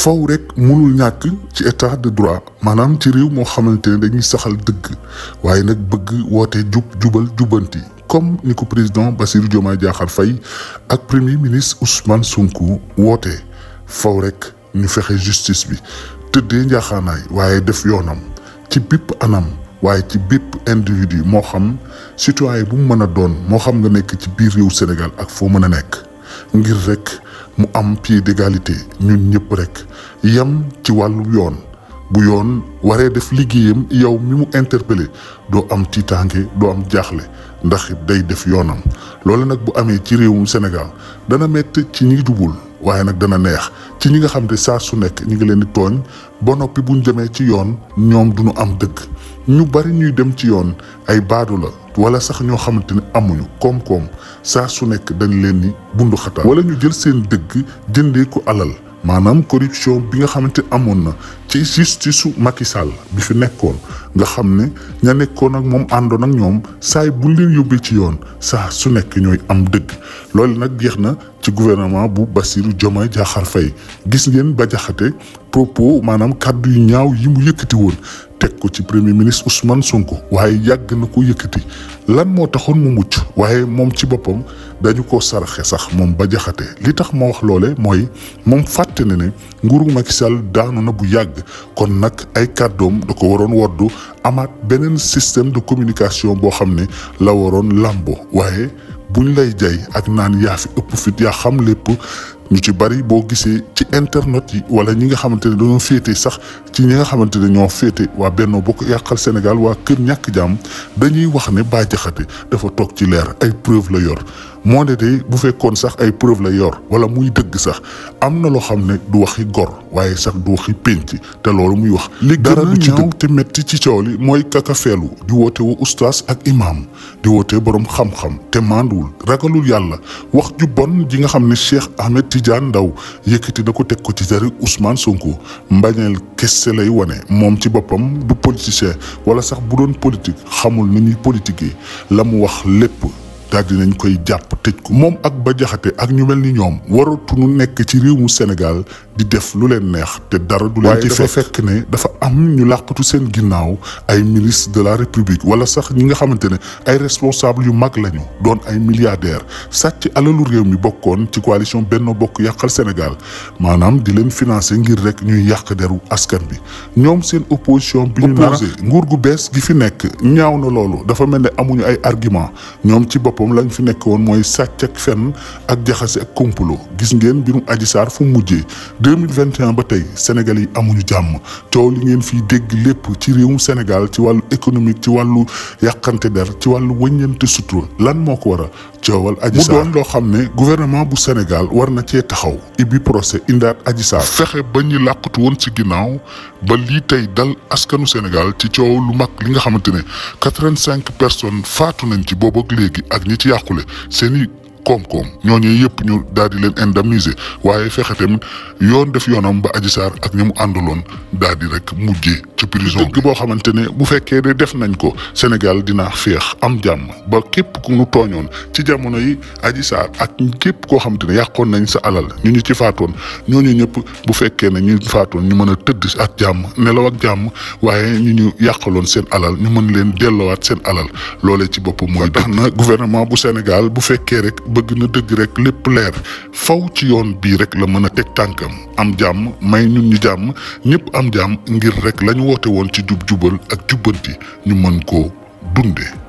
faw rek mënul ñàkk ci état de droit maanaam ci réew moo xamante ne dañuy saxal dëgg waaye nag bëgg woote jub jubal jubanti comme ni ko président Bassirou Diomaye Diakhar Faye ak premier ministre Ousmane Sonko wootee faw rek ñu fexe justice bi tëddee njaaxaanaay waaye def yoonam ci bépp anam waaye ci bépp individu moo xam citoyen bu mu mën a doon moo xam nga nekk ci biir réew Sénégal ak foo mën a nekk ngir rek mu am pied d'égalité ñun ñëpp rek yem ci wàllu yoon bu yoon waree def liggéeyam yow mi mu interpellé doo am tiitaange doo am jaaxle ndax day def yoonam loolu nag bu amee ci réewum Sénégal dana métti ci ñi jubul waaye nag dana neex ci ñi nga xam ne saa su nekk ñu ngi leen di tooñ ba noppi buñ demee ci yoon ñoom duñu am dëkk ñu bari ñuy dem ci yoon ay baadu la wala sax ñoo xamante ne amuñu koom-koom saa su nekk dañ leen ni bundu wala ñu jël seen dëgg jëndee alal maanaam corruption bi nga xamante amoon na ci justice su Macky bi fi nekkoon nga xam ne ña nekkoon ak moom àndoon ak ñoom saay bu leen yóbbee ci yoon saa su nekk ñooy am dëgg loolu nag jeex na ci gouvernement bu basiru Diomaye Diakhar Faye gis ngeen ba jaxate propos manam kaddu yu ñaaw yi mu yëkëti woon tek ko ci premier ministre Ousmane Sonko waye yag na ko yëkëti lan mo taxon mu mucc waye mom ci boppam dañu ko saraxé sax mom ba jaxate li tax mo wax lolé moy mom faté né nguru Macky Sall daanu na bu yag kon nak ay kàddoom da ko waron woddu amaat benen système de communication bo xamné la waron lambo waye buñ lay jay ak naan yaa fi ëpp fit yaa xam lépp ñu ci bari boo gisee ci internet yi wala ñi nga xamante ne dañoo féete sax ci ñi nga xamante ne ñoo féete waa Benno Bokk Yaakaar Sénégal waa Kër Ñàkk Jàmm dañuy wax ne Bah Diakhaté dafa toog ci leer ay preuve la yor moo ne de bu fekkoon sax ay preuve la yor wala muy dëgg sax am na loo xam ne du waxi gor waaye sax du waxi pénc te loolu muy wax. li dara du te métti ci coow li mooy kakafeelu di woote wu ustaas ak imaam di woote borom xam-xam te maanduwul ragalul yàlla wax ju bon ji nga xam ne Cheikh Ahmed Tidiane ndaw yëkkati na ko teg ko ci jari Ousmane Sonko mbañeel kese lay wone moom ci boppam du politicien wala sax bu doon politique xamul ni ñuy politiquer la mu wax lépp. daal dinañ koy japp tejj ko moom ak ba jaxate ak ñu mel ni ñoom waratuñu nekk ci réew mu Sénégal di def lu leen neex te dara du leen ci fekk ne dafa am ñu làqatu seen ginnaaw ay ministre de la république wala sax ñi nga xamante ne ay responsable yu mag lañu doon ay milliardaire sàcc alalu réew mi bokkoon ci coalition Benno Bokk Yàqal Sénégal maanaam di leen financer ngir rek ñuy yàq deru askan bi ñoom seen opposition bi ñu nguur gu bees gi fi nekk ñaaw na loolu dafa mel ne amuñu ay argument ñoom ci bopp boppam lañ fi nekk woon mooy sàcc ak fenn ak jaxase ak complot gis ngeen mbirum Adji Sarr fu mu mujjee 2021 ba tey Sénégal yi amuñu jàmm coow li ngeen fiy dégg lépp ci réewum Sénégal ci wàllu économique ci wàllu yàqante der ci wàllu wëññante sutura lan moo ko war a coowal Adji Sarr loo xam ne gouvernement bu Sénégal war na cee taxaw ibi procès indaat Adji Sarr fexe ba ñu làqatu woon ci ginnaaw ba lii tey dal askanu Sénégal ci coow lu mag li nga xamante ne quatre-vingt-cinq personnes faatu nañ ci boobu léegi ak ñi ci yàqule seeni koom-koom ñooñu yëpp ñu daal di leen indemniser waaye fexe tamit yoon def yoonam ba Adji Sarr ak ñi mu àndaloon daal di rek mujjee ci prison dëgg boo xamante ne bu fekkee ne def nañ ko Sénégal dinaa féex am jàmm ba képp ku ñu tooñoon ci jamono yi Adji Sarr ak képp koo xamante ne yàqoon nañ sa alal ñu ñu ci faatoon ñooñu ñëpp bu fekkee ne ñu faatoon ñu mën a tëdd ak jàmm nelaw ak jàmm waaye ñu ñu yàqaloon seen alal ñu mën leen delloowaat seen alal loolee ci bopp mooy tax na gouvernement bu Sénégal bu fekkee rek bëgg na dëgg rek lépp leer faw ci yoon bii rek la mën a teg tànkam am jàmm may ñun ñu jàmm ñëpp am jàmm ngir rek lañu woote woon ci jub jubal ak jubbanti ñu mën koo dunde